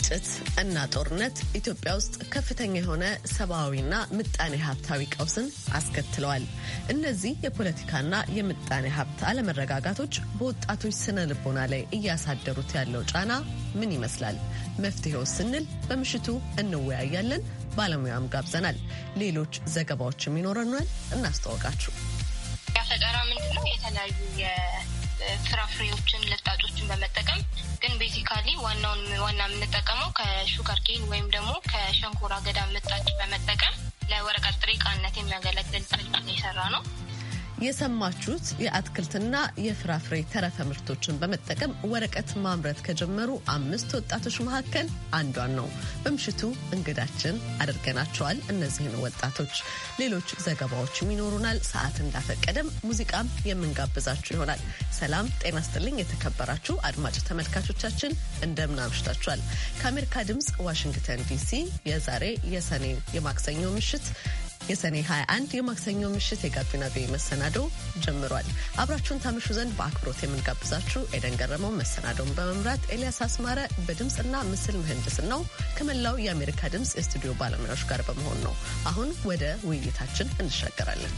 ግጭት እና ጦርነት ኢትዮጵያ ውስጥ ከፍተኛ የሆነ ሰብአዊና ምጣኔ ሀብታዊ ቀውስን አስከትለዋል። እነዚህ የፖለቲካና የምጣኔ ሀብት አለመረጋጋቶች በወጣቶች ስነ ልቦና ላይ እያሳደሩት ያለው ጫና ምን ይመስላል? መፍትሄው ስንል በምሽቱ እንወያያለን። ባለሙያም ጋብዘናል። ሌሎች ዘገባዎችም ይኖረናል። እናስተዋውቃችሁ? ያፈጠራ ፈጠራ ምንድነው? የተለያዩ የፍራፍሬዎችን ለጣጮችን በመጠቀም ቤዚካሊ ዋናውን ዋና የምንጠቀመው ከሹጋር ኬን ወይም ደግሞ ከሸንኮራ አገዳ ምጣጭ በመጠቀም ለወረቀት ጥሬ የሚያገለግል ጥሬ የሰራ ነው። የሰማችሁት የአትክልትና የፍራፍሬ ተረፈ ምርቶችን በመጠቀም ወረቀት ማምረት ከጀመሩ አምስት ወጣቶች መካከል አንዷን ነው። በምሽቱ እንግዳችን አድርገናቸዋል እነዚህን ወጣቶች። ሌሎች ዘገባዎችም ይኖሩናል። ሰዓት እንዳፈቀደም ሙዚቃም የምንጋብዛችሁ ይሆናል። ሰላም ጤና ስጥልኝ። የተከበራችሁ አድማጭ ተመልካቾቻችን እንደምን አምሽታችኋል? ከአሜሪካ ድምፅ ዋሽንግተን ዲሲ የዛሬ የሰኔ የማክሰኞ ምሽት የሰኔ 21 የማክሰኞ ምሽት የጋቢና ቤ መሰናዶ ጀምሯል። አብራችሁን ታምሹ ዘንድ በአክብሮት የምንጋብዛችሁ ኤደን ገረመው መሰናዶውን በመምራት ኤልያስ አስማረ በድምፅና ምስል ምህንድስ ነው ከመላው የአሜሪካ ድምፅ የስቱዲዮ ባለሙያዎች ጋር በመሆን ነው። አሁን ወደ ውይይታችን እንሻገራለን።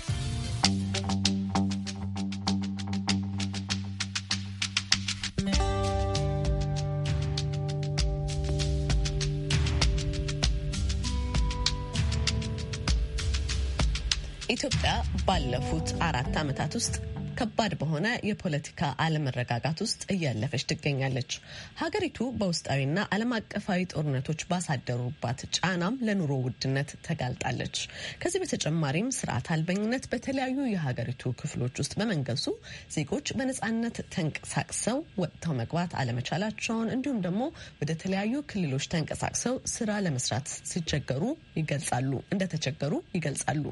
ኢትዮጵያ ባለፉት አራት ዓመታት ውስጥ ከባድ በሆነ የፖለቲካ አለመረጋጋት ውስጥ እያለፈች ትገኛለች። ሀገሪቱ በውስጣዊና ዓለም አቀፋዊ ጦርነቶች ባሳደሩባት ጫናም ለኑሮ ውድነት ተጋልጣለች። ከዚህ በተጨማሪም ስርዓት አልበኝነት በተለያዩ የሀገሪቱ ክፍሎች ውስጥ በመንገሱ ዜጎች በነጻነት ተንቀሳቅሰው ወጥተው መግባት አለመቻላቸውን እንዲሁም ደግሞ ወደ ተለያዩ ክልሎች ተንቀሳቅሰው ስራ ለመስራት ሲቸገሩ ይገልጻሉ እንደተቸገሩ ይገልጻሉ።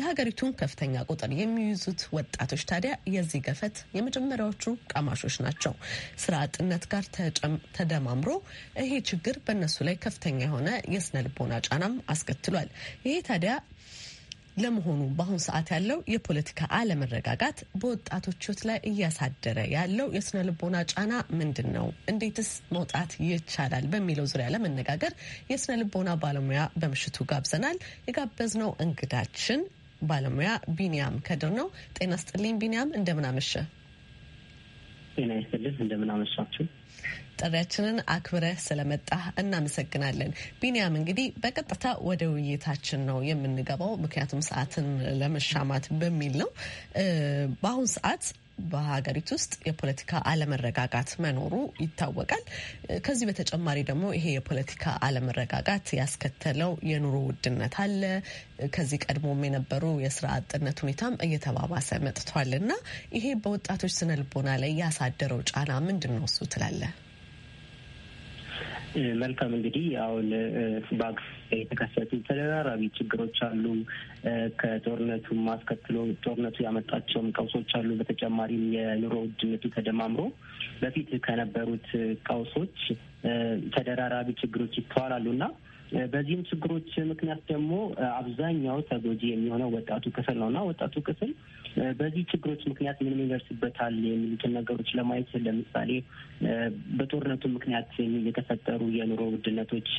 የሀገሪቱን ከፍተኛ ቁጥር የሚይዙት ወጣቶች ታዲያ የዚህ ገፈት የመጀመሪያዎቹ ቀማሾች ናቸው። ስራ አጥነት ጋር ተደማምሮ ይሄ ችግር በእነሱ ላይ ከፍተኛ የሆነ የስነ ልቦና ጫናም አስከትሏል። ይሄ ታዲያ ለመሆኑ በአሁኑ ሰዓት ያለው የፖለቲካ አለመረጋጋት በወጣቶች ህይወት ላይ እያሳደረ ያለው የስነ ልቦና ጫና ምንድን ነው? እንዴትስ መውጣት ይቻላል? በሚለው ዙሪያ ለመነጋገር የስነ ልቦና ባለሙያ በምሽቱ ጋብዘናል። የጋበዝነው እንግዳችን ባለሙያ ቢንያም ከድር ነው። ጤና ስጥልኝ ቢንያም፣ እንደምናመሸ ጤና ይስጥልኝ፣ እንደምናመሻችሁ ጥሪያችንን አክብረህ ስለመጣህ እናመሰግናለን። ቢንያም እንግዲህ በቀጥታ ወደ ውይይታችን ነው የምንገባው፣ ምክንያቱም ሰዓትን ለመሻማት በሚል ነው። በአሁኑ ሰዓት በሀገሪቱ ውስጥ የፖለቲካ አለመረጋጋት መኖሩ ይታወቃል። ከዚህ በተጨማሪ ደግሞ ይሄ የፖለቲካ አለመረጋጋት ያስከተለው የኑሮ ውድነት አለ። ከዚህ ቀድሞም የነበሩ የስራ አጥነት ሁኔታም እየተባባሰ መጥቷል እና ይሄ በወጣቶች ስነ ልቦና ላይ ያሳደረው ጫና ምንድን ነው እሱ ትላለ? መልካም እንግዲህ አሁን የተከሰቱ ተደራራቢ ችግሮች አሉ። ከጦርነቱ አስከትሎ ጦርነቱ ያመጣቸውም ቀውሶች አሉ። በተጨማሪም የኑሮ ውድነቱ ተደማምሮ በፊት ከነበሩት ቀውሶች ተደራራቢ ችግሮች ይተዋላሉ እና በዚህም ችግሮች ምክንያት ደግሞ አብዛኛው ተጎጂ የሚሆነው ወጣቱ ክፍል ነው እና ወጣቱ ክፍል በዚህ ችግሮች ምክንያት ምንም ይደርስበታል የሚሉትን ነገሮች ለማየት ለምሳሌ በጦርነቱ ምክንያት የተፈጠሩ የኑሮ ውድነቶች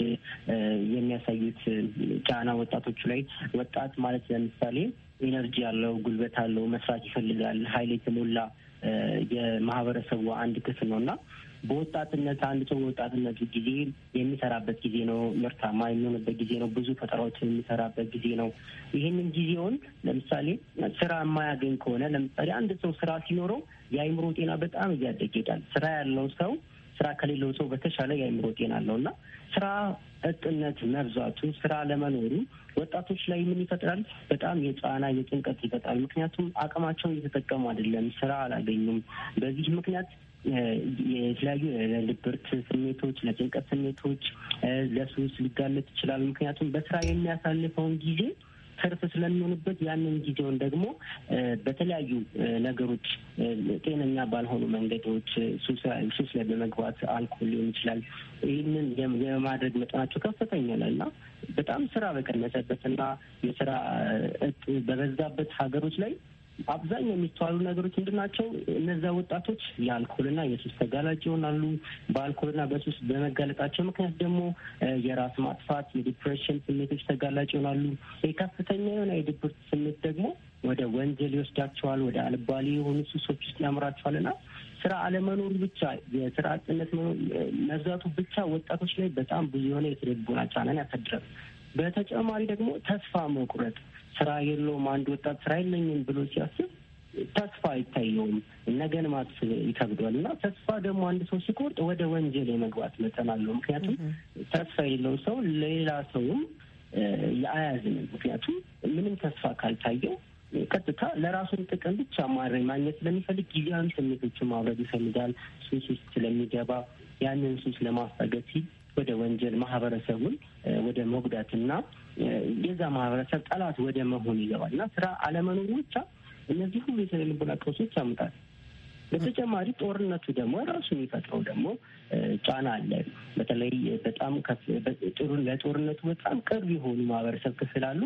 የሚያሳዩት ጫና ወጣቶቹ ላይ ወጣት ማለት ለምሳሌ ኢነርጂ ያለው ጉልበት አለው መስራት ይፈልጋል ሀይል የተሞላ የማህበረሰቡ አንድ ክፍል ነው እና በወጣትነት አንድ ሰው በወጣትነቱ ጊዜ የሚሰራበት ጊዜ ነው። ምርታማ የሚሆንበት ጊዜ ነው። ብዙ ፈጠራዎችን የሚሰራበት ጊዜ ነው። ይህንን ጊዜውን ለምሳሌ ስራ የማያገኝ ከሆነ ለምሳሌ አንድ ሰው ስራ ሲኖረው የአይምሮ ጤና በጣም እያደገ ይሄዳል። ስራ ያለው ሰው ስራ ከሌለው ሰው በተሻለ የአይምሮ ጤና አለው እና ስራ እጥነት መብዛቱ ስራ ለመኖሩ ወጣቶች ላይ ምን ይፈጥራል? በጣም የጫና የጭንቀት ይፈጥራል። ምክንያቱም አቅማቸውን እየተጠቀሙ አይደለም፣ ስራ አላገኙም። በዚህ ምክንያት የተለያዩ ለድብርት ስሜቶች፣ ለጭንቀት ስሜቶች፣ ለሱስ ሊጋለጥ ይችላል። ምክንያቱም በስራ የሚያሳልፈውን ጊዜ ትርፍ ስለሚሆንበት ያንን ጊዜውን ደግሞ በተለያዩ ነገሮች ጤነኛ ባልሆኑ መንገዶች ሱስ ላይ በመግባት አልኮል ሊሆን ይችላል። ይህንን የማድረግ መጠናቸው ከፍተኛ ነው እና በጣም ስራ በቀነሰበት እና የስራ እጥ በበዛበት ሀገሮች ላይ አብዛኛው የሚስተዋሉ ነገሮች ምንድን ናቸው? እነዚያ ወጣቶች የአልኮልና የሱስ ተጋላጭ ይሆናሉ። በአልኮልና በሱስ በመጋለጣቸው ምክንያት ደግሞ የራስ ማጥፋት፣ የዲፕሬሽን ስሜቶች ተጋላጭ ይሆናሉ። የከፍተኛ የሆነ የድብርት ስሜት ደግሞ ወደ ወንጀል ይወስዳቸዋል። ወደ አልባሌ የሆኑ ሱሶች ውስጥ ያምራቸዋል እና ስራ አለመኖሩ ብቻ የስራ አጥነት መብዛቱ ብቻ ወጣቶች ላይ በጣም ብዙ የሆነ የስነ ልቦና ጫናን ያሳድራል። በተጨማሪ ደግሞ ተስፋ መቁረጥ፣ ስራ የለውም አንድ ወጣት ስራ የለኝም ብሎ ሲያስብ ተስፋ አይታየውም፣ ነገን ማሰብ ይከብዷል። እና ተስፋ ደግሞ አንድ ሰው ሲቆርጥ ወደ ወንጀል የመግባት መጠን አለው። ምክንያቱም ተስፋ የሌለው ሰው ሌላ ሰውም አያዝንም። ምክንያቱም ምንም ተስፋ ካልታየው ቀጥታ ለራሱን ጥቅም ብቻ ማድረግ ማግኘት ስለሚፈልግ ጊዜያዊ ስሜቶችን ማውረድ ይፈልጋል። ሱስ ውስጥ ስለሚገባ ያንን ሱስ ለማስታገት ሲል ወደ ወንጀል ማህበረሰቡን ወደ መጉዳትና የዛ ማህበረሰብ ጠላት ወደ መሆን ይገባል እና ስራ አለመኖሩ ብቻ እነዚህ ሁሉ የስነ ልቦና ቀውሶች ያመጣል። በተጨማሪ ጦርነቱ ደግሞ ራሱ የሚፈጥረው ደግሞ ጫና አለ። በተለይ በጣም ለጦርነቱ በጣም ቅርብ የሆኑ ማህበረሰብ ክፍል አሉ።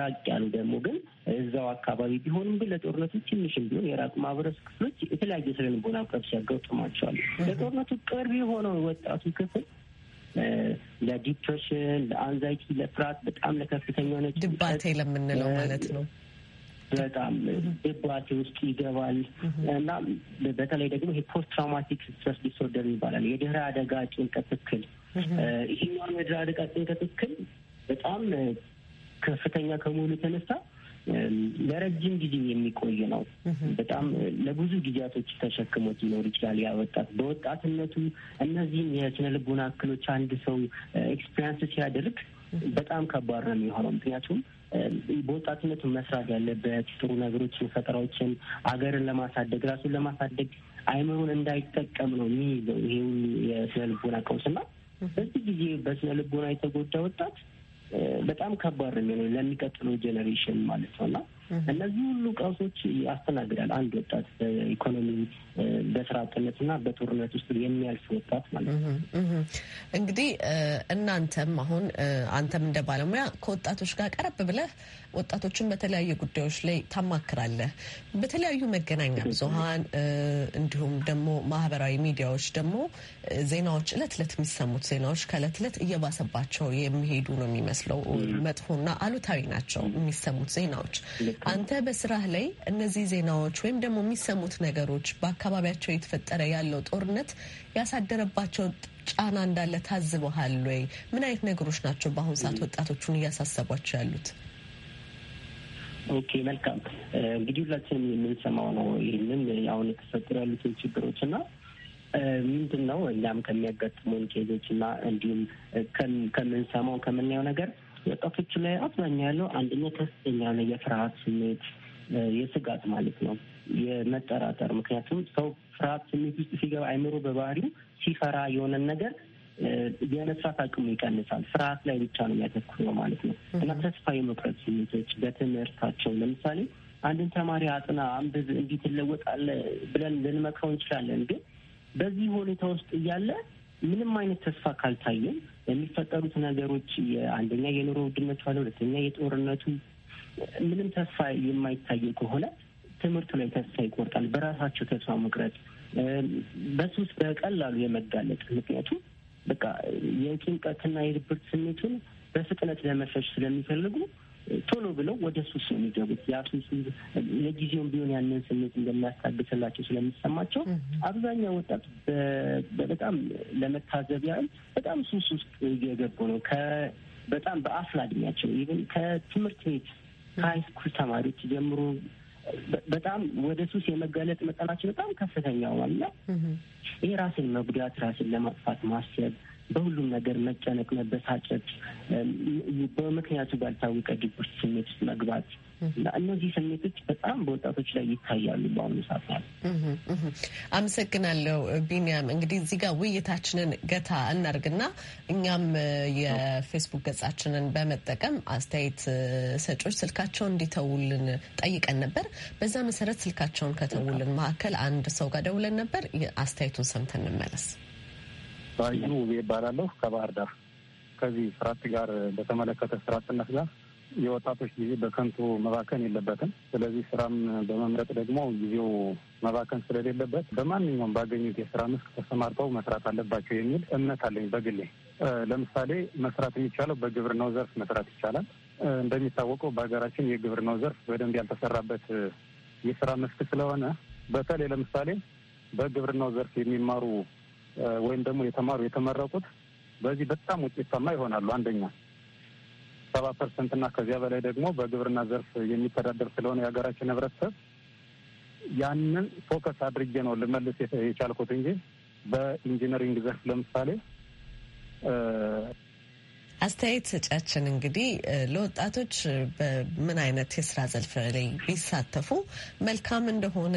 ራቅ ያሉ ደግሞ ግን እዛው አካባቢ ቢሆንም ግን ለጦርነቱ ትንሽም ቢሆን የራቁ ማህበረሰብ ክፍሎች የተለያየ ስነ ልቦና ቀውስ ለጦርነቱ ቅርብ የሆነው ወጣቱ ክፍል ለዲፕሬሽን፣ ለአንዛይቲ፣ ለፍርሃት በጣም ለከፍተኛ ነች ድባቴ ለምንለው ማለት ነው በጣም ድባቴ ውስጥ ይገባል እና በተለይ ደግሞ ይሄ ፖስት ትራውማቲክ ስትረስ ዲስኦርደር ይባላል። የድህረ አደጋ ጭንቀት እክል። ይህኛውን የድህረ አደጋ ጭንቀት እክል በጣም ከፍተኛ ከመሆኑ የተነሳ ለረጅም ጊዜ የሚቆይ ነው። በጣም ለብዙ ጊዜያቶች ተሸክሞት ሊኖር ይችላል። ያ ወጣት በወጣትነቱ እነዚህም የስነ ልቦና እክሎች አንድ ሰው ኤክስፔሪንስ ሲያደርግ በጣም ከባድ ነው የሚሆነው ምክንያቱም በወጣትነቱ መስራት ያለበት ጥሩ ነገሮችን፣ ፈጠራዎችን፣ አገርን ለማሳደግ ራሱን ለማሳደግ አይምሮን እንዳይጠቀም ነው የሚይዘው ይሄ ሁሉ የስነ ልቦና ቀውስና በዚህ ጊዜ በስነ ልቦና የተጎዳ ወጣት በጣም ከባድ ነው የሚሆነው ለሚቀጥለው ጄኔሬሽን ማለት ነው እና እነዚህ ሁሉ ቀውሶች ያስተናግዳል። አንድ ወጣት በኢኮኖሚ በስራ አጥነትና በጦርነት ውስጥ የሚያልፍ ወጣት ማለት ነው። እንግዲህ እናንተም አሁን አንተም እንደ ባለሙያ ከወጣቶች ጋር ቀረብ ብለህ ወጣቶችን በተለያዩ ጉዳዮች ላይ ታማክራለህ። በተለያዩ መገናኛ ብዙኃን እንዲሁም ደግሞ ማህበራዊ ሚዲያዎች ደግሞ ዜናዎች እለት እለት የሚሰሙት ዜናዎች ከእለት እለት እየባሰባቸው የሚሄዱ ነው የሚመስለው። መጥፎና አሉታዊ ናቸው የሚሰሙት ዜናዎች። አንተ በስራህ ላይ እነዚህ ዜናዎች ወይም ደግሞ የሚሰሙት ነገሮች በአካባቢያቸው የተፈጠረ ያለው ጦርነት ያሳደረባቸው ጫና እንዳለ ታዝበሃል ወይ? ምን አይነት ነገሮች ናቸው በአሁኑ ሰዓት ወጣቶቹን እያሳሰቧቸው ያሉት? ኦኬ፣ መልካም እንግዲህ ሁላችንም የምንሰማው ነው። ይህንን አሁን የተፈጠሩ ያሉትን ችግሮች እና ምንድን ነው እኛም ከሚያጋጥሙን ኬዞች እና እንዲሁም ከምንሰማው ከምናየው ነገር ወጣቶቹ ላይ አብዛኛው ያለው አንደኛ ከፍተኛ ነው የፍርሃት ስሜት፣ የስጋት ማለት ነው፣ የመጠራጠር ምክንያቱም ሰው ፍርሃት ስሜት ውስጥ ሲገባ አይምሮ በባህሪው ሲፈራ የሆነን ነገር የመስራት አቅሙ ይቀንሳል። ፍርሃት ላይ ብቻ ነው የሚያተኩረው ማለት ነው እና ተስፋ የመቁረጥ ስሜቶች በትምህርታቸው ለምሳሌ አንድን ተማሪ አጥና አንብብ እንዲህ ትለወጣለህ ብለን ልንመክረው እንችላለን። ግን በዚህ ሁኔታ ውስጥ እያለ ምንም አይነት ተስፋ ካልታየም የሚፈጠሩት ነገሮች አንደኛ የኑሮ ውድነቱ አለ፣ ሁለተኛ የጦርነቱ ምንም ተስፋ የማይታየው ከሆነ ትምህርቱ ላይ ተስፋ ይቆርጣል። በራሳቸው ተስፋ መቁረጥ፣ በሱስ በቀላሉ የመጋለጥ ምክንያቱም በቃ የጭንቀትና የድብርት ስሜቱን በፍጥነት ለመሸሽ ስለሚፈልጉ ቶሎ ብለው ወደ ሱስ ነው የሚገቡት። ያ ሱስ ለጊዜውም ቢሆን ያንን ስሜት እንደሚያስታግስላቸው ስለሚሰማቸው አብዛኛው ወጣት በጣም ለመታዘብ ያህል በጣም ሱስ ውስጥ እየገቡ ነው። በጣም በአፍላ እድሜያቸው ኢቨን ከትምህርት ቤት ከሀይ ስኩል ተማሪዎች ጀምሮ በጣም ወደ ሱስ የመጋለጥ መጠናቸው በጣም ከፍተኛ ዋና ይሄ ራስን መጉዳት፣ ራስን ለማጥፋት ማሰብ በሁሉም ነገር መጨነቅ፣ መበሳጨት፣ በምክንያቱ ባልታወቀ ድብር ስሜት ውስጥ መግባት እና እነዚህ ስሜቶች በጣም በወጣቶች ላይ ይታያሉ በአሁኑ ሰዓት አመሰግናለሁ ቢኒያም። እንግዲህ እዚህ ጋር ውይይታችንን ገታ እናርግና እኛም የፌስቡክ ገጻችንን በመጠቀም አስተያየት ሰጮች ስልካቸውን እንዲተውልን ጠይቀን ነበር። በዛ መሰረት ስልካቸውን ከተውልን መካከል አንድ ሰው ጋር ደውለን ነበር። አስተያየቱን ሰምተን እንመለስ። ባዩ ውቤ ይባላለሁ ከባህር ዳር። ከዚህ ስርዓት ጋር በተመለከተ ስራ ጋር የወጣቶች ጊዜ በከንቱ መባከን የለበትም። ስለዚህ ስራም በመምረጥ ደግሞ ጊዜው መባከን ስለሌለበት በማንኛውም ባገኙት የስራ መስክ ተሰማርተው መስራት አለባቸው የሚል እምነት አለኝ በግሌ። ለምሳሌ መስራት የሚቻለው በግብርናው ዘርፍ መስራት ይቻላል። እንደሚታወቀው በሀገራችን የግብርናው ዘርፍ በደንብ ያልተሰራበት የስራ መስክ ስለሆነ በተለይ ለምሳሌ በግብርናው ዘርፍ የሚማሩ ወይም ደግሞ የተማሩ የተመረቁት በዚህ በጣም ውጤታማ ይሆናሉ። አንደኛ ሰባ ፐርሰንት እና ከዚያ በላይ ደግሞ በግብርና ዘርፍ የሚተዳደር ስለሆነ የሀገራችን ህብረተሰብ ያንን ፎከስ አድርጌ ነው ልመልስ የቻልኩት እንጂ በኢንጂነሪንግ ዘርፍ ለምሳሌ አስተያየት ሰጫችን እንግዲህ ለወጣቶች በምን አይነት የስራ ዘርፍ ላይ ቢሳተፉ መልካም እንደሆነ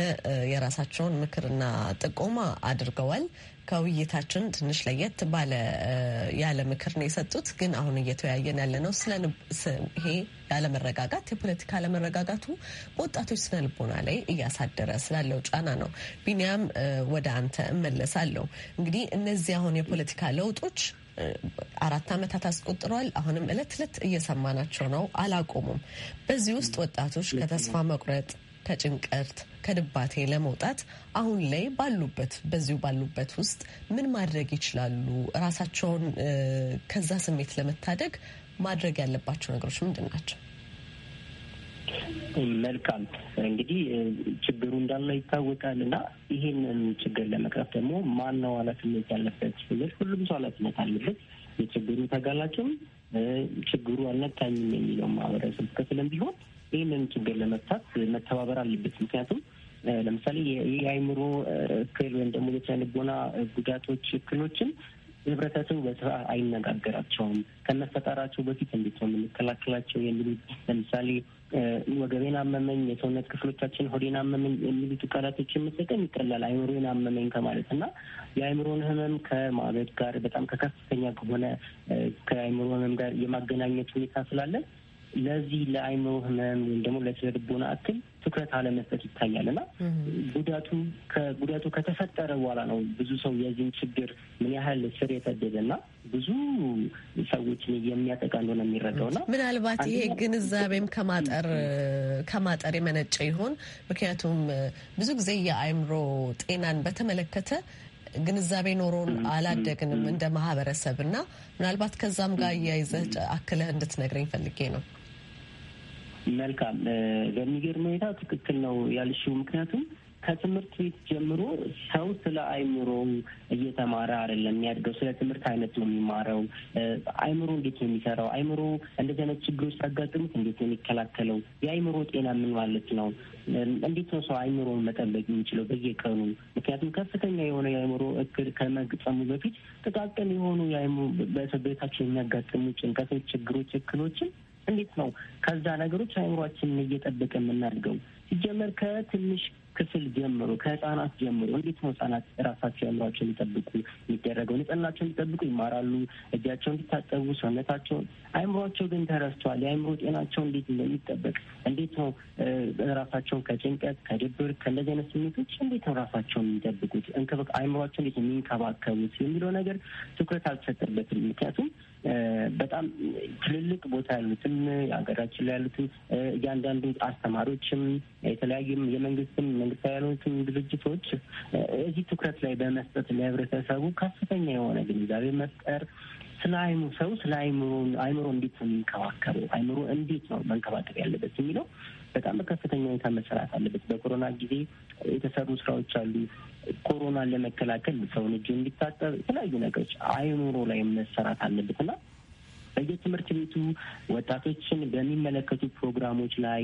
የራሳቸውን ምክርና ጥቆማ አድርገዋል። ከውይይታችን ትንሽ ለየት ባለ ያለ ምክር ነው የሰጡት። ግን አሁን እየተወያየን ያለ ነው ስለ ይሄ ያለመረጋጋት የፖለቲካ አለመረጋጋቱ በወጣቶች ስነ ልቦና ላይ እያሳደረ ስላለው ጫና ነው። ቢኒያም ወደ አንተ እመለሳለሁ። እንግዲህ እነዚህ አሁን የፖለቲካ ለውጦች አራት ዓመታት አስቆጥሯል አሁንም እለት እለት እየሰማናቸው ነው፣ አላቆሙም። በዚህ ውስጥ ወጣቶች ከተስፋ መቁረጥ ከጭንቀት ከድባቴ ለመውጣት አሁን ላይ ባሉበት በዚሁ ባሉበት ውስጥ ምን ማድረግ ይችላሉ? ራሳቸውን ከዛ ስሜት ለመታደግ ማድረግ ያለባቸው ነገሮች ምንድን ናቸው? መልካም እንግዲህ ችግሩ እንዳለ ይታወቃል እና ይህንን ችግር ለመቅረፍ ደግሞ ማን ነው ኃላፊነት ያለበት ስል ሁሉም ሰው ኃላፊነት አለበት። የችግሩ ተጋላጭም ችግሩ አልነካኝም የሚለው ማህበረሰብ ክፍልም ቢሆን ይህንን ችግር ለመፍታት መተባበር አለበት። ምክንያቱም ለምሳሌ የአይምሮ እክል ወይም ደግሞ የስነ ጉዳቶች እክሎችን ህብረተሰቡ በስርዓት አይነጋገራቸውም። ከመፈጠራቸው በፊት እንዴት ነው የምንከላከላቸው የሚሉት ለምሳሌ ወገቤን አመመኝ፣ የሰውነት ክፍሎቻችን ሆዴን አመመኝ የሚሉት ቃላቶችን የምሰጠም ይቀላል። አይምሮን አመመኝ ከማለት እና የአይምሮን ህመም ከማበድ ጋር በጣም ከከፍተኛ ከሆነ ከአይምሮ ህመም ጋር የማገናኘት ሁኔታ ስላለን ለዚህ ለአይምሮ ህመም ወይም ደግሞ ለስነ ልቦና እክል ትኩረት አለመስጠት ይታያል እና ጉዳቱ ከጉዳቱ ከተፈጠረ በኋላ ነው ብዙ ሰው የዚህን ችግር ምን ያህል ስር የሰደደ እና ብዙ ሰዎችን የሚያጠቃ እንደሆነ የሚረዳው ና ምናልባት ይሄ ግንዛቤም ከማጠር ከማጠር የመነጨ ይሆን? ምክንያቱም ብዙ ጊዜ የአእምሮ ጤናን በተመለከተ ግንዛቤ ኖሮን አላደግንም እንደ ማህበረሰብ እና ምናልባት ከዛም ጋር እያይዘህ አክለህ እንድትነግረኝ ፈልጌ ነው። መልካም በሚገርም ሁኔታ ትክክል ነው ያልሽው። ምክንያቱም ከትምህርት ቤት ጀምሮ ሰው ስለ አይምሮ እየተማረ አይደለም የሚያድገው። ስለ ትምህርት አይነት ነው የሚማረው። አይምሮ እንዴት ነው የሚሰራው? አይምሮ እንደዚህ አይነት ችግሮች ሲያጋጥሙት እንዴት ነው የሚከላከለው? የአይምሮ ጤና ምን ማለት ነው? እንዴት ነው ሰው አይምሮን መጠበቅ የሚችለው በየቀኑ? ምክንያቱም ከፍተኛ የሆነ የአይምሮ እክል ከመግጠሙ በፊት ጥቃቅን የሆኑ የአይምሮ በቤታቸው የሚያጋጥሙ ጭንቀቶች፣ ችግሮች፣ እክሎችን እንዴት ነው ከዛ ነገሮች አእምሯችንን እየጠበቀ የምናድገው? ሲጀመር ከትንሽ ክፍል ጀምሮ ከህጻናት ጀምሮ እንዴት ነው ህጻናት ራሳቸው አእምሯቸው ሊጠብቁ የሚደረገው? ንጽህናቸውን ሊጠብቁ ይማራሉ፣ እጃቸው እንዲታጠቡ፣ ሰውነታቸውን። አይምሯቸው ግን ተረስቷል። የአይምሮ ጤናቸው እንዴት እንደሚጠበቅ እንዴት ነው ራሳቸውን ከጭንቀት፣ ከድብር፣ ከእንደዚህ አይነት ስሜቶች እንዴት ነው ራሳቸውን የሚጠብቁት? እንክብ አይምሯቸው እንዴት የሚንከባከቡት የሚለው ነገር ትኩረት አልተሰጠበትም። ምክንያቱም በጣም ትልልቅ ቦታ ያሉትም ሀገራችን ላይ ያሉትም እያንዳንዱ አስተማሪዎችም የተለያዩም የመንግስትም መንግስታዊ ያልሆኑትም ድርጅቶች እዚህ ትኩረት ላይ በመስጠት ለህብረተሰቡ ከፍተኛ የሆነ ግንዛቤ መፍጠር ስለ አይሙ ሰው ስለ አይምሮን አይምሮ እንዴት ነው የሚንከባከበው አይምሮ እንዴት ነው መንከባከብ ያለበት የሚለው በጣም በከፍተኛ ሁኔታ መሰራት አለበት። በኮሮና ጊዜ የተሰሩ ስራዎች አሉ። ኮሮናን ለመከላከል ሰውን እጅ እንዲታጠብ የተለያዩ ነገሮች አይኑሮ ላይ መሰራት አለበት እና በየትምህርት ቤቱ ወጣቶችን በሚመለከቱ ፕሮግራሞች ላይ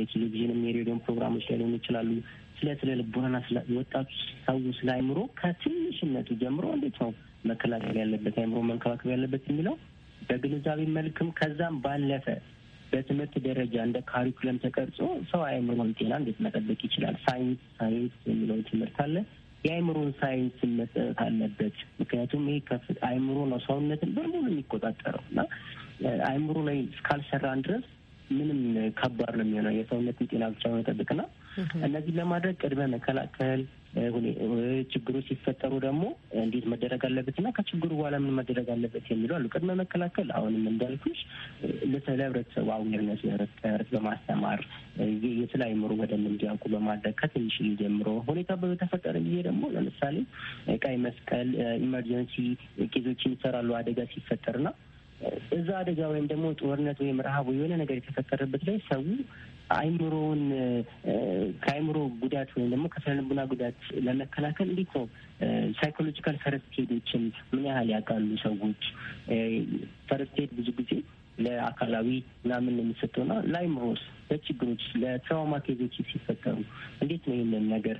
የቴሌቪዥንም የሬዲዮን ፕሮግራሞች ላይ ሊሆኑ ይችላሉ ስለ ስለ ልቦናና ወጣቱ ሰው ስለ አይምሮ ከትንሽነቱ ጀምሮ እንዴት ነው መከላከል ያለበት አይምሮ መንከባከብ ያለበት የሚለው በግንዛቤ መልክም ከዛም ባለፈ በትምህርት ደረጃ እንደ ካሪኩለም ተቀርጾ ሰው አእምሮን ጤና እንዴት መጠበቅ ይችላል? ሳይንስ ሳይንስ የሚለው ትምህርት አለ። የአእምሮን ሳይንስ መጠጠት አለበት። ምክንያቱም ይህ ከፍ አእምሮ ነው ሰውነትን በሙሉ የሚቆጣጠረው እና አእምሮ ላይ እስካልሰራን ድረስ ምንም ከባድ ነው የሚሆነው የሰውነትን ጤና ብቻ መጠበቅና እነዚህ ለማድረግ ቅድመ መከላከል ችግሮች ሲፈጠሩ ደግሞ እንዴት መደረግ አለበት እና ከችግሩ በኋላ ምን መደረግ አለበት የሚሉ አሉ። ቅድመ መከላከል አሁንም እንዳልኩሽ ለህብረተሰቡ አዌርነስ መፍጠር በማስተማር የስለ አይምሮ በደንብ እንዲያውቁ በማድረግ ከትንሽ ጀምሮ ሁኔታ በተፈጠረ ጊዜ ደግሞ ለምሳሌ ቀይ መስቀል ኢመርጀንሲ ኬዞችን ይሰራሉ አደጋ ሲፈጠርና እዛ አደጋ ወይም ደግሞ ጦርነት ወይም ረሃብ የሆነ ነገር የተፈጠረበት ላይ ሰው አይምሮውን ከአይምሮ ጉዳት ወይም ደግሞ ከስነልቦና ጉዳት ለመከላከል እንዴት ነው ሳይኮሎጂካል ፈረስቴዶችን ምን ያህል ያውቃሉ ሰዎች? ፈረስቴድ ብዙ ጊዜ ለአካላዊ ምናምን ነው ና ለአይምሮስ ለችግሮች ለትራውማ ኬዞች ሲፈጠሩ እንዴት ነው ይህንን ነገር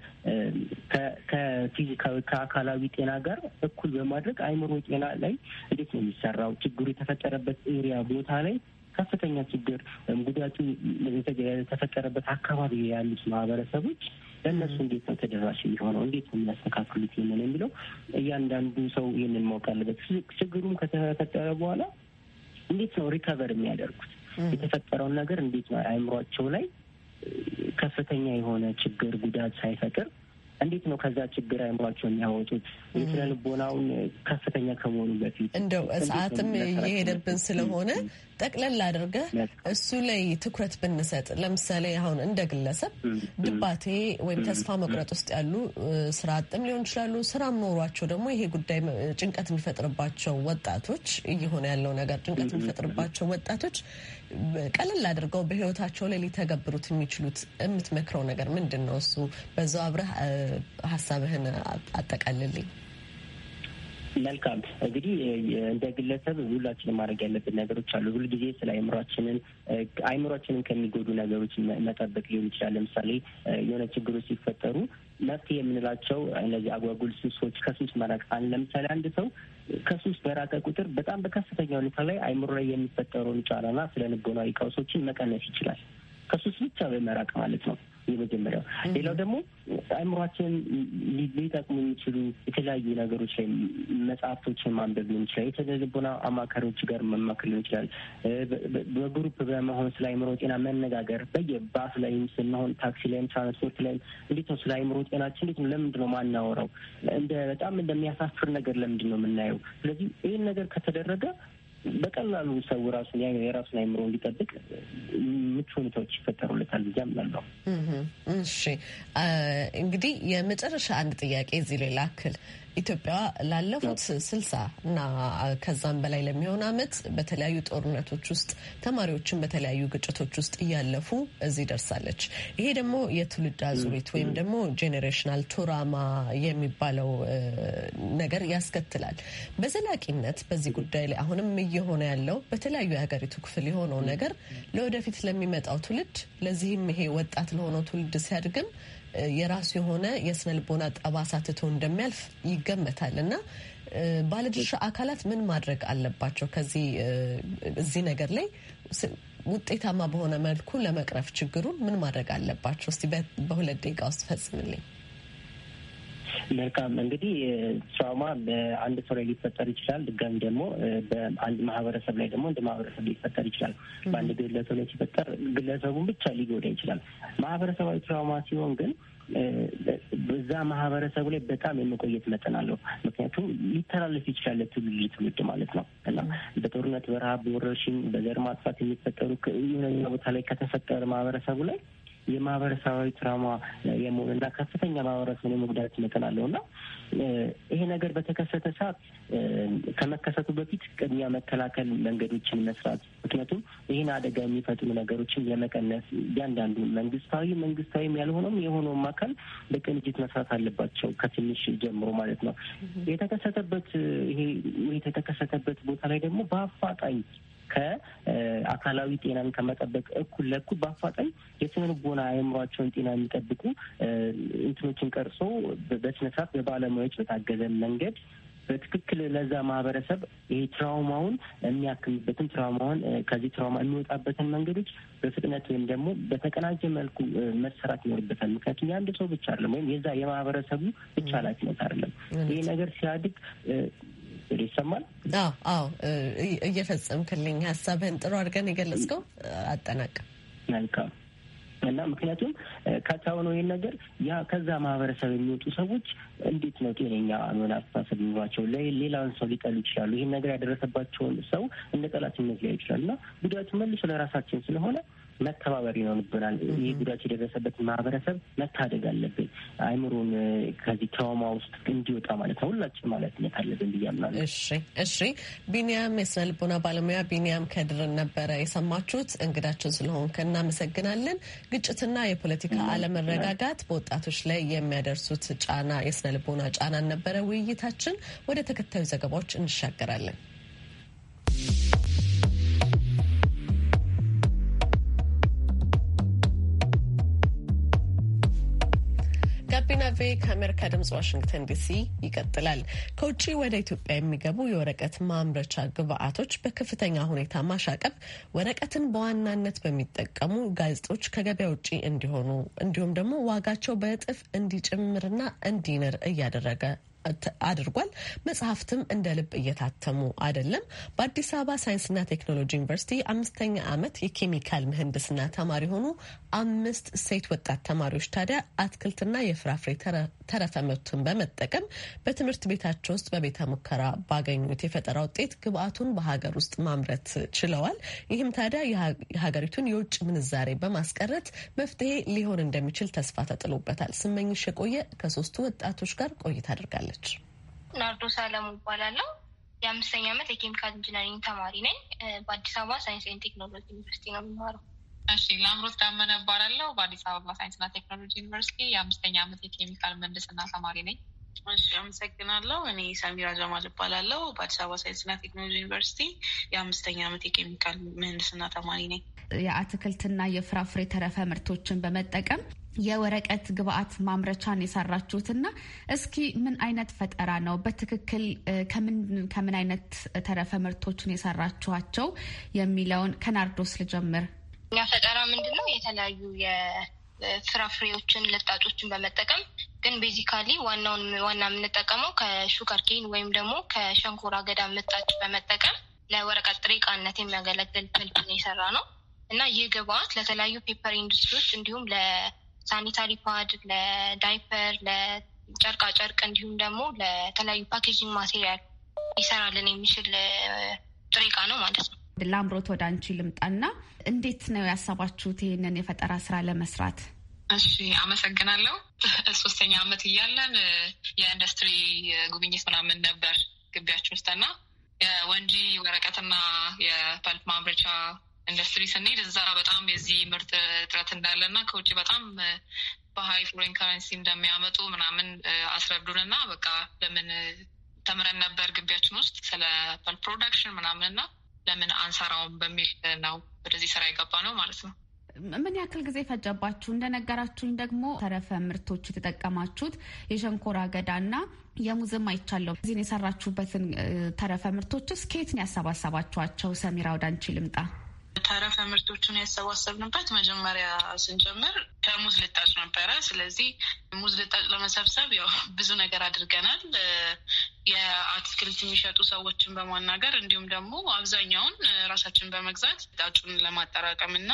ከፊዚካዊ ከአካላዊ ጤና ጋር እኩል በማድረግ አይምሮ ጤና ላይ እንዴት ነው የሚሰራው? ችግሩ የተፈጠረበት ኤሪያ ቦታ ላይ ከፍተኛ ችግር ወይም ጉዳቱ የተፈጠረበት አካባቢ ያሉት ማህበረሰቦች ለእነሱ እንዴት ነው ተደራሽ የሚሆነው? እንዴት ነው የሚያስተካክሉት? ይህንን የሚለው እያንዳንዱ ሰው ይህንን ማወቅ አለበት። ችግሩም ከተፈጠረ በኋላ እንዴት ነው ሪከቨር የሚያደርጉት? የተፈጠረውን ነገር እንዴት ነው አእምሯቸው ላይ ከፍተኛ የሆነ ችግር ጉዳት ሳይፈጥር እንዴት ነው ከዛ ችግር አይምሯቸው የሚያወጡት? የስነ ልቦናውን ከፍተኛ ከመሆኑ በፊት እንደው ሰዓትም እየሄደብን ስለሆነ ጠቅለል አድርገህ እሱ ላይ ትኩረት ብንሰጥ፣ ለምሳሌ አሁን እንደ ግለሰብ mm. Mm. ድባቴ ወይም mm. ተስፋ መቁረጥ ውስጥ ያሉ ስራ አጥም ሊሆን ይችላሉ። ስራም ኖሯቸው ደግሞ ይሄ ጉዳይ ጭንቀት የሚፈጥርባቸው ወጣቶች እየሆነ ያለው ነገር ጭንቀት የሚፈጥርባቸው ወጣቶች ቀለል አድርገው በህይወታቸው ላይ ሊተገብሩት የሚችሉት የምትመክረው ነገር ምንድን ነው? እሱ በዛው አብረህ ሀሳብህን አጠቃልልኝ። መልካም እንግዲህ እንደ ግለሰብ ሁላችንም ማድረግ ያለብን ነገሮች አሉ። ጊዜ ስለ አይምሯችንን አይምሯችንን ከሚጎዱ ነገሮች መጠበቅ ሊሆን ይችላል። ለምሳሌ የሆነ ችግሮች ሲፈጠሩ መፍትሄ የምንላቸው እነዚህ አጓጉል ሱሶች ከሱስ መራቅ ለምሳሌ አንድ ሰው ከሱስ በራቀ ቁጥር በጣም በከፍተኛ ሁኔታ ላይ አይምሮ ላይ የሚፈጠረውን ጫናና ስለ ልቦናዊ ቀውሶችን መቀነስ ይችላል። ከሱስ ብቻ በመራቅ ማለት ነው። የመጀመሪያው። ሌላው ደግሞ አእምሯችን ሊጠቅሙ የሚችሉ የተለያዩ ነገሮች ላይ መጽሐፍቶችን ማንበብ ሊሆን ይችላል። የተለየ ልቦና አማካሪዎች ጋር መማከር ሊሆን ይችላል። በግሩፕ በመሆን ስለ አእምሮ ጤና መነጋገር በየባስ ላይም ስንሆን፣ ታክሲ ላይም፣ ትራንስፖርት ላይም እንዴት ነው ስለ አእምሮ ጤናችን እንዴት ነው ለምንድን ነው ማናወራው? እንደ በጣም እንደሚያሳፍር ነገር ለምንድን ነው የምናየው? ስለዚህ ይህን ነገር ከተደረገ በቀላሉ ሰው ራሱ የራሱን አይምሮ እንዲጠብቅ ምቹ ሁኔታዎች ይፈጠሩለታል ብዬ አምናለሁ። እሺ እንግዲህ የመጨረሻ አንድ ጥያቄ እዚህ ላይ ላክል ኢትዮጵያ ላለፉት ስልሳ እና ከዛም በላይ ለሚሆን አመት በተለያዩ ጦርነቶች ውስጥ ተማሪዎችን በተለያዩ ግጭቶች ውስጥ እያለፉ እዚህ ደርሳለች። ይሄ ደግሞ የትውልድ አዙሪት ወይም ደግሞ ጄኔሬሽናል ቱራማ የሚባለው ነገር ያስከትላል። በዘላቂነት በዚህ ጉዳይ ላይ አሁንም እየሆነ ያለው በተለያዩ የሀገሪቱ ክፍል የሆነው ነገር ለወደፊት ለሚመጣው ትውልድ ለዚህም ይሄ ወጣት ለሆነው ትውልድ ሲያድግም የራሱ የሆነ የስነ ልቦና ጠባሳ ትቶ እንደሚያልፍ ይገመታል እና ባለድርሻ አካላት ምን ማድረግ አለባቸው? ከዚህ እዚህ ነገር ላይ ውጤታማ በሆነ መልኩ ለመቅረፍ ችግሩን ምን ማድረግ አለባቸው? እስቲ በሁለት ደቂቃ ውስጥ ፈጽምልኝ። መልካም እንግዲህ ትራውማ በአንድ ሰው ላይ ሊፈጠር ይችላል። ድጋሚ ደግሞ በአንድ ማህበረሰብ ላይ ደግሞ እንደ ማህበረሰብ ሊፈጠር ይችላል። በአንድ ግለሰብ ላይ ሲፈጠር ግለሰቡን ብቻ ሊጎዳ ይችላል። ማህበረሰባዊ ትራውማ ሲሆን ግን በዛ ማህበረሰቡ ላይ በጣም የመቆየት መጠን አለው። ምክንያቱም ሊተላለፍ ይችላል ትውልድ ትውልድ ማለት ነው እና በጦርነት በረሃብ፣ በወረርሽኝ፣ በዘር ማጥፋት የሚፈጠሩ የሆነ ቦታ ላይ ከተፈጠረ ማህበረሰቡ ላይ የማህበረሰባዊ ትራማ የመሆንና ከፍተኛ ማህበረሰቡን የመጉዳት መጠን አለው እና ይሄ ነገር በተከሰተ ሰዓት ከመከሰቱ በፊት ቅድሚያ መከላከል መንገዶችን መስራት፣ ምክንያቱም ይህን አደጋ የሚፈጥሩ ነገሮችን የመቀነስ እያንዳንዱ መንግስታዊ መንግስታዊም ያልሆነውም የሆነውም አካል በቅንጅት መስራት አለባቸው ከትንሽ ጀምሮ ማለት ነው። የተከሰተበት ይሄ የተከሰተበት ቦታ ላይ ደግሞ በአፋጣኝ ከአካላዊ ጤናን ከመጠበቅ እኩል ለእኩል በአፋጣኝ የስነ ልቦና አእምሯቸውን ጤና የሚጠብቁ እንትኖችን ቀርጾ በስነስርዓት በባለሙያዎች በታገዘ መንገድ በትክክል ለዛ ማህበረሰብ ይሄ ትራውማውን የሚያክምበትን ትራውማውን ከዚህ ትራውማ የሚወጣበትን መንገዶች በፍጥነት ወይም ደግሞ በተቀናጀ መልኩ መሰራት ይኖርበታል። ምክንያቱም የአንድ ሰው ብቻ አይደለም ወይም የዛ የማህበረሰቡ ብቻ ኃላፊነት አይደለም። ይህ ነገር ሲያድግ በኩል ይሰማል። አዎ አዎ፣ እየፈጸምክልኝ ሀሳብህን ጥሩ አድርገን የገለጽከው አጠናቀ መልካም እና ምክንያቱም ከታውኖ ይህን ነገር ያ ከዛ ማህበረሰብ የሚወጡ ሰዎች እንዴት ነው ጤነኛ ሆን አስተሳሰብ ኑሯቸው ሌላውን ሰው ሊጠሉ ይችላሉ። ይህን ነገር ያደረሰባቸውን ሰው እንደ ጠላትነት ሊያ ይችላል እና ጉዳቱ መልሶ ለራሳችን ስለሆነ መተባበር ይኖርብናል። ይህ ጉዳት የደረሰበትን ማህበረሰብ መታደግ አለብን። አይምሮን ከዚህ ትራውማ ውስጥ እንዲወጣ ማለት ነው ሁላችን ማለት ነት አለብን ብዬ እሺ፣ እሺ። ቢኒያም የስነ ልቦና ባለሙያ ቢኒያም ከድርን ነበረ የሰማችሁት። እንግዳችን ስለሆንክ እናመሰግናለን። ግጭትና የፖለቲካ አለመረጋጋት በወጣቶች ላይ የሚያደርሱት ጫና የስነ ልቦና ጫናን ነበረ ውይይታችን። ወደ ተከታዩ ዘገባዎች እንሻገራለን። ቪኦኤ ከአሜሪካ ድምጽ ዋሽንግተን ዲሲ ይቀጥላል። ከውጭ ወደ ኢትዮጵያ የሚገቡ የወረቀት ማምረቻ ግብአቶች በከፍተኛ ሁኔታ ማሻቀብ፣ ወረቀትን በዋናነት በሚጠቀሙ ጋዜጦች ከገበያ ውጭ እንዲሆኑ እንዲሁም ደግሞ ዋጋቸው በእጥፍ እንዲጨምርና እንዲንር እያደረገ አድርጓል። መጽሐፍትም እንደ ልብ እየታተሙ አይደለም። በአዲስ አበባ ሳይንስና ቴክኖሎጂ ዩኒቨርሲቲ አምስተኛ ዓመት የኬሚካል ምህንድስና ተማሪ የሆኑ አምስት ሴት ወጣት ተማሪዎች ታዲያ አትክልትና የፍራፍሬ ተረፈ ምርቱን በመጠቀም በትምህርት ቤታቸው ውስጥ በቤተ ሙከራ ባገኙት የፈጠራ ውጤት ግብአቱን በሀገር ውስጥ ማምረት ችለዋል። ይህም ታዲያ የሀገሪቱን የውጭ ምንዛሬ በማስቀረት መፍትሄ ሊሆን እንደሚችል ተስፋ ተጥሎበታል። ስመኝሽ የቆየ ከሶስቱ ወጣቶች ጋር ቆይታ አድርጋለች። ናርዶስ አለሙ ይባላለሁ የአምስተኛ ዓመት የኬሚካል ኢንጂነሪንግ ተማሪ ነኝ። በአዲስ አበባ ሳይንስ ኤንድ ቴክኖሎጂ ዩኒቨርሲቲ ነው የሚማረው። እሺ ለአምሮት ዳመነ እባላለሁ። በአዲስ አበባ ሳይንስና ቴክኖሎጂ ዩኒቨርሲቲ የአምስተኛ ዓመት የኬሚካል ምህንድስና ተማሪ ነኝ። እሺ አመሰግናለሁ። እኔ ሰሚራ ጀማል እባላለሁ። በአዲስ አበባ ሳይንስና ቴክኖሎጂ ዩኒቨርሲቲ የአምስተኛ ዓመት የኬሚካል ምህንድስና ተማሪ ነኝ። የአትክልትና የፍራፍሬ ተረፈ ምርቶችን በመጠቀም የወረቀት ግብአት ማምረቻን የሰራችሁትና እስኪ ምን አይነት ፈጠራ ነው? በትክክል ከምን አይነት ተረፈ ምርቶችን የሰራችኋቸው የሚለውን ከናርዶስ ልጀምር። እኛ ፈጠራ ምንድን ነው? የተለያዩ የፍራፍሬዎችን ልጣጮችን በመጠቀም ግን ቤዚካሊ ዋናውን ዋና የምንጠቀመው ኬን ወይም ደግሞ ከሸንኮራ አገዳ ምጣጭ በመጠቀም ለወረቀት ጥሬ ዕቃነት የሚያገለግል ፐልፕን የሰራ ነው እና ይህ ግብአት ለተለያዩ ፔፐር ኢንዱስትሪዎች እንዲሁም ለሳኒታሪ ፓድ፣ ለዳይፐር፣ ለጨርቃጨርቅ እንዲሁም ደግሞ ለተለያዩ ፓኬጂንግ ማቴሪያል ሊሰራልን የሚችል ጥሬ ዕቃ ነው ማለት ነው። ላምሮት ወደ አንቺ ልምጣና እንዴት ነው ያሰባችሁት ይህንን የፈጠራ ስራ ለመስራት? እሺ አመሰግናለሁ። ሶስተኛ አመት እያለን የኢንዱስትሪ ጉብኝት ምናምን ነበር ግቢያችን ውስጥና የወንጂ ወረቀትና የፐልፕ ማምረቻ ኢንዱስትሪ ስንሄድ እዛ በጣም የዚህ ምርት እጥረት እንዳለና ከውጭ በጣም በሀይ ፎሬን ካረንሲ እንደሚያመጡ ምናምን አስረዱንና በቃ ለምን ተምረን ነበር ግቢያችን ውስጥ ስለ ፐልፕ ፕሮዳክሽን ምናምንና ለምን አንሰራውም በሚል ነው ወደዚህ ስራ የገባ ነው ማለት ነው። ምን ያክል ጊዜ ፈጀባችሁ? እንደነገራችሁኝ ደግሞ ተረፈ ምርቶች የተጠቀማችሁት የሸንኮራ አገዳና የሙዝም አይቻለሁ። እዚህን የሰራችሁበትን ተረፈ ምርቶች ውስጥ ከየት ነው ያሰባሰባችኋቸው? ሰሚራ ወደ ልምጣ። ተረፈ ምርቶችን ያሰባሰብንበት መጀመሪያ ስንጀምር ከሙዝ ልጣጭ ነበረ። ስለዚህ ሙዝ ልጣጭ ለመሰብሰብ ያው ብዙ ነገር አድርገናል። የአትክልት የሚሸጡ ሰዎችን በማናገር እንዲሁም ደግሞ አብዛኛውን ራሳችን በመግዛት ልጣጩን ለማጠራቀም እና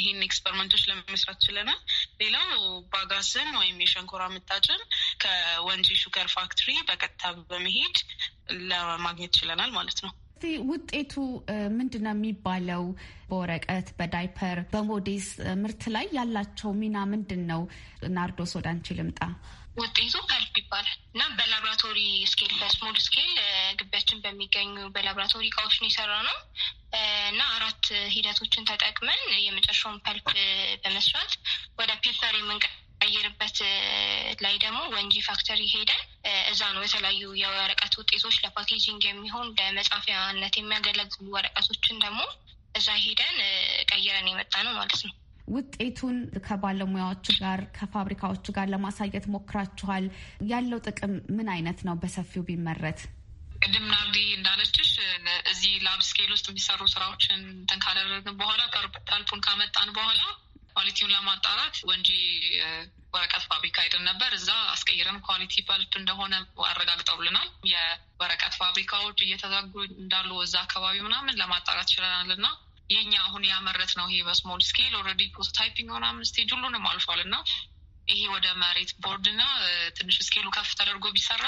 ይህን ኤክስፐሪመንቶች ለመስራት ችለናል። ሌላው ባጋስን ወይም የሸንኮራ ምጣጭን ከወንጂ ሹገር ፋክትሪ በቀጥታ በመሄድ ለማግኘት ችለናል ማለት ነው። እስቲ ውጤቱ ምንድን ነው የሚባለው? በወረቀት በዳይፐር በሞዴስ ምርት ላይ ያላቸው ሚና ምንድን ነው? ናርዶስ ወደ አንቺ ልምጣ። ውጤቱ ፐልፕ ይባላል እና በላብራቶሪ ስኬል በስሞል ስኬል ግቢያችን በሚገኙ በላብራቶሪ እቃዎች ነው የሰራ ነው እና አራት ሂደቶችን ተጠቅመን የመጨረሻውን ፐልፕ በመስራት ወደ ፔፐር የምንቀ የሚቀይርበት ላይ ደግሞ ወንጂ ፋክተሪ ሄደን እዛ ነው የተለያዩ የወረቀት ውጤቶች ለፓኬጂንግ የሚሆን ለመጻፊያነት የሚያገለግሉ ወረቀቶችን ደግሞ እዛ ሄደን ቀይረን የመጣ ነው ማለት ነው። ውጤቱን ከባለሙያዎች ጋር ከፋብሪካዎቹ ጋር ለማሳየት ሞክራችኋል። ያለው ጥቅም ምን አይነት ነው? በሰፊው ቢመረት ቅድም ናርዲ እንዳለችሽ እዚህ ላብ ስኬል ውስጥ የሚሰሩ ስራዎችን እንትን ካደረግን በኋላ ተልፑን ካመጣን በኋላ ኳሊቲውን ለማጣራት ወንጂ ወረቀት ፋብሪካ ሄደን ነበር። እዛ አስቀይረን ኳሊቲ ፐልፕ እንደሆነ አረጋግጠውልናል። የወረቀት ፋብሪካዎች እየተዘጉ እንዳሉ እዛ አካባቢ ምናምን ለማጣራት ችለናል እና የኛ አሁን ያመረት ነው ይሄ በስሞል ስኬል ኦልሬዲ ፕሮቶታይፒንግ ምናምን ስቴጅ ሁሉንም አልፏል እና ይሄ ወደ መሬት ቦርድ እና ትንሽ ስኬሉ ከፍ ተደርጎ ቢሰራ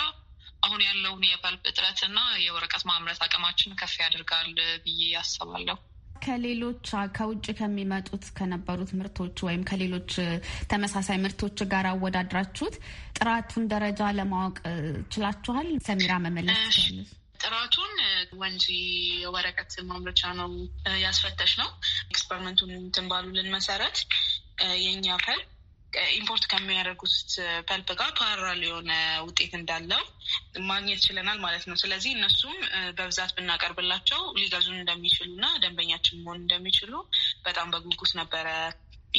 አሁን ያለውን የፐልፕ እጥረት እና የወረቀት ማምረት አቅማችን ከፍ ያደርጋል ብዬ ያስባለሁ። ከሌሎች ከውጭ ከሚመጡት ከነበሩት ምርቶች ወይም ከሌሎች ተመሳሳይ ምርቶች ጋር አወዳድራችሁት ጥራቱን ደረጃ ለማወቅ ችላችኋል? ሰሚራ መመለስ ጥራቱን ወንጂ የወረቀት ማምረቻ ነው ያስፈተሽ ነው። ኤክስፐሪመንቱን ትንባሉልን መሰረት የእኛ ፈል ኢምፖርት ከሚያደርጉት ፐልፕ ጋር ፓራል የሆነ ውጤት እንዳለው ማግኘት ችለናል ማለት ነው። ስለዚህ እነሱም በብዛት ብናቀርብላቸው ሊገዙን እንደሚችሉ እና ደንበኛችን መሆን እንደሚችሉ በጣም በጉጉት ነበረ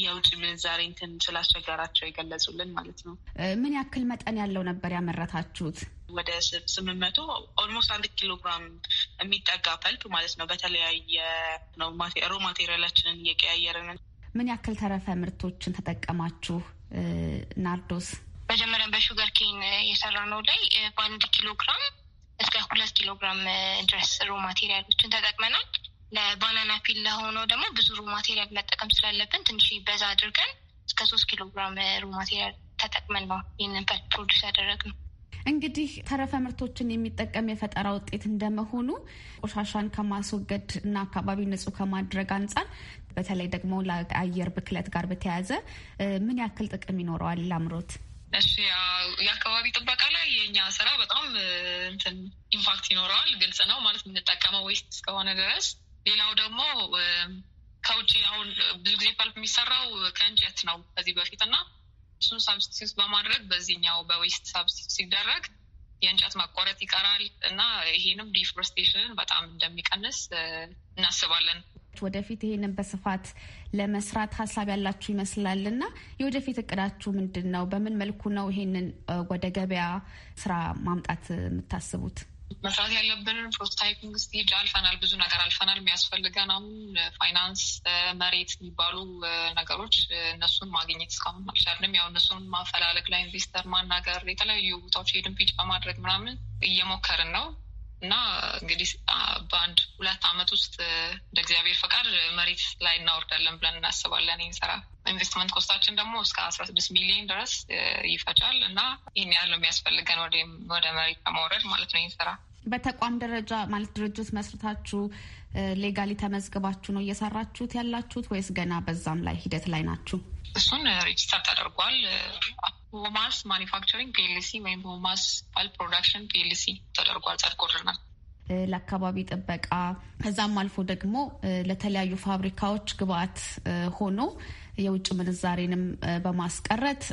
የውጭ ምንዛሬ እንትን ስላስቸገራቸው የገለጹልን ማለት ነው። ምን ያክል መጠን ያለው ነበር ያመረታችሁት? ወደ ስምንት መቶ ኦልሞስት አንድ ኪሎ ግራም የሚጠጋ ፐልፕ ማለት ነው። በተለያየ ሮ ማቴሪያላችንን እየቀያየርን ምን ያክል ተረፈ ምርቶችን ተጠቀማችሁ? ናርዶስ፣ መጀመሪያ በሹገር ኬን የሰራ ነው ላይ በአንድ ኪሎ ግራም እስከ ሁለት ኪሎ ግራም ድረስ ሮ ማቴሪያሎችን ተጠቅመናል። ለባናና ፊል ለሆነው ደግሞ ብዙ ሮ ማቴሪያል መጠቀም ስላለብን ትንሽ በዛ አድርገን እስከ ሶስት ኪሎ ግራም ሮ ማቴሪያል ተጠቅመን ነው ይህንን ፕሮዲስ ያደረግነው። እንግዲህ ተረፈ ምርቶችን የሚጠቀም የፈጠራ ውጤት እንደመሆኑ ቆሻሻን ከማስወገድ እና አካባቢ ንጹህ ከማድረግ አንጻር በተለይ ደግሞ ለአየር ብክለት ጋር በተያያዘ ምን ያክል ጥቅም ይኖረዋል? ላምሮት እሺ፣ የአካባቢ ጥበቃ ላይ የእኛ ስራ በጣም እንትን ኢምፓክት ይኖረዋል። ግልጽ ነው ማለት የምንጠቀመው ዌስት እስከሆነ ድረስ። ሌላው ደግሞ ከውጭ አሁን ብዙ ጊዜ ፓልፕ የሚሰራው ከእንጨት ነው ከዚህ በፊት እና እሱን ሳብስቲቱት በማድረግ በዚህኛው በዌስት ሳብስቲቱ ሲደረግ የእንጨት መቆረጥ ይቀራል እና ይሄንም ዲፎረስቴሽንን በጣም እንደሚቀንስ እናስባለን። ወደፊት ይሄንን በስፋት ለመስራት ሀሳብ ያላችሁ ይመስላል እና የወደፊት እቅዳችሁ ምንድን ነው? በምን መልኩ ነው ይሄንን ወደ ገበያ ስራ ማምጣት የምታስቡት? መስራት ያለብንን ፕሮቶታይፒንግ ስቴጅ አልፈናል። ብዙ ነገር አልፈናል። የሚያስፈልገን አሁን ፋይናንስ፣ መሬት የሚባሉ ነገሮች እነሱን ማግኘት እስካሁን አልቻልንም። ያው እነሱን ማፈላለግ ላይ ኢንቨስተር ማናገር፣ የተለያዩ ቦታዎች ሄድን ፒች በማድረግ ምናምን እየሞከርን ነው። እና እንግዲህ በአንድ ሁለት አመት ውስጥ እንደ እግዚአብሔር ፈቃድ መሬት ላይ እናወርዳለን ብለን እናስባለን። ይህን ስራ ኢንቨስትመንት ኮስታችን ደግሞ እስከ አስራ ስድስት ሚሊዮን ድረስ ይፈጫል እና ይህን ያህል ነው የሚያስፈልገን ወደ መሬት ለማውረድ ማለት ነው። ይህን ስራ በተቋም ደረጃ ማለት ድርጅት መስርታችሁ ሌጋሊ ተመዝግባችሁ ነው እየሰራችሁት ያላችሁት ወይስ ገና በዛም ላይ ሂደት ላይ ናችሁ? እሱን ሬጅስተር ተደርጓል። ቦማስ ማኒፋክቸሪንግ ፒኤልሲ ወይም ቦማስ ባል ፕሮዳክሽን ፒኤልሲ ተደርጓል ጸድቆልናል። ለአካባቢ ጥበቃ ከዛም አልፎ ደግሞ ለተለያዩ ፋብሪካዎች ግብአት ሆኖ የውጭ ምንዛሬንም በማስቀረት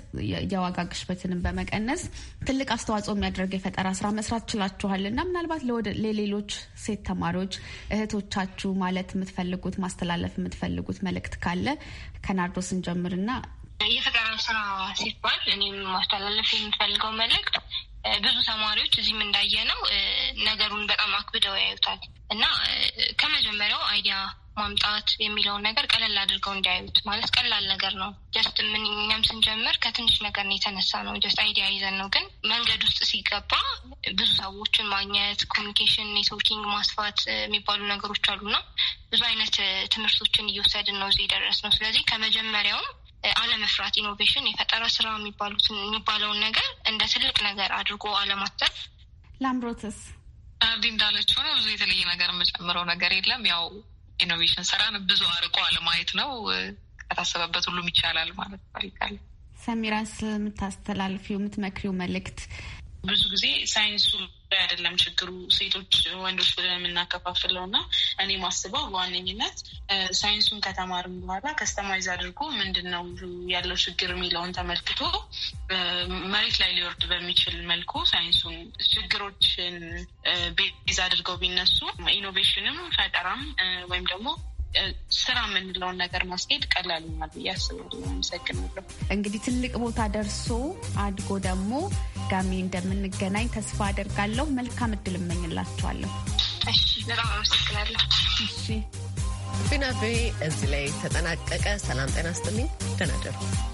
የዋጋ ግሽበትንም በመቀነስ ትልቅ አስተዋጽኦ የሚያደርግ የፈጠራ ስራ መስራት ችላችኋል እና ምናልባት ለሌሎች ሴት ተማሪዎች እህቶቻችሁ ማለት የምትፈልጉት ማስተላለፍ የምትፈልጉት መልእክት ካለ ከናርዶስን ጀምርና የፈጠራ ስራ ሲባል እኔም ማስተላለፍ የምፈልገው መልእክት ብዙ ተማሪዎች እዚህም እንዳየ ነው ነገሩን በጣም አክብደው ያዩታል እና ከመጀመሪያው አይዲያ ማምጣት የሚለውን ነገር ቀለል አድርገው እንዲያዩት ማለት ቀላል ነገር ነው። ጀስት እኛም ስንጀምር ከትንሽ ነገር ነው የተነሳ ነው። ጀስት አይዲያ ይዘን ነው። ግን መንገድ ውስጥ ሲገባ ብዙ ሰዎችን ማግኘት፣ ኮሚኒኬሽን፣ ኔትወርኪንግ ማስፋት የሚባሉ ነገሮች አሉና ብዙ አይነት ትምህርቶችን እየወሰድን ነው እዚህ የደረስነው። ስለዚህ ከመጀመሪያውም አለመፍራት፣ ኢኖቬሽን፣ የፈጠራ ስራ የሚባሉትን የሚባለውን ነገር እንደ ትልቅ ነገር አድርጎ አለማሰብ። ላምሮትስ አብዲ እንዳለችው ነው። ብዙ የተለየ ነገር የምጨምረው ነገር የለም። ያው ኢኖቬሽን ስራን ብዙ አርቆ አለማየት ነው። ከታሰበበት ሁሉም ይቻላል ማለት እፈልጋለሁ። ሰሚራስ የምታስተላልፊው የምትመክሪው መልእክት ብዙ ጊዜ ሳይንሱ ላይ አይደለም ችግሩ፣ ሴቶች ወንዶች ብለን የምናከፋፍለው እና እኔ ማስበው በዋነኝነት ሳይንሱን ከተማርም በኋላ ከስተማይዝ አድርጎ ምንድን ነው ያለው ችግር የሚለውን ተመልክቶ መሬት ላይ ሊወርድ በሚችል መልኩ ሳይንሱን ችግሮችን ቤዝ አድርገው ቢነሱ ኢኖቬሽንም ፈጠራም ወይም ደግሞ ስራ የምንለውን ነገር ማስኬድ ቀላል ይሆናል ብዬ አስባለሁ። አመሰግናለሁ። እንግዲህ ትልቅ ቦታ ደርሶ አድጎ ደግሞ ጋሜ እንደምንገናኝ ተስፋ አደርጋለሁ። መልካም እድል እመኝላችኋለሁ። እሺ፣ በጣም አመሰግናለሁ። እሺ፣ ቢናቤ እዚህ ላይ ተጠናቀቀ። ሰላም ጤና ስጥልኝ። ደህና ደሩ።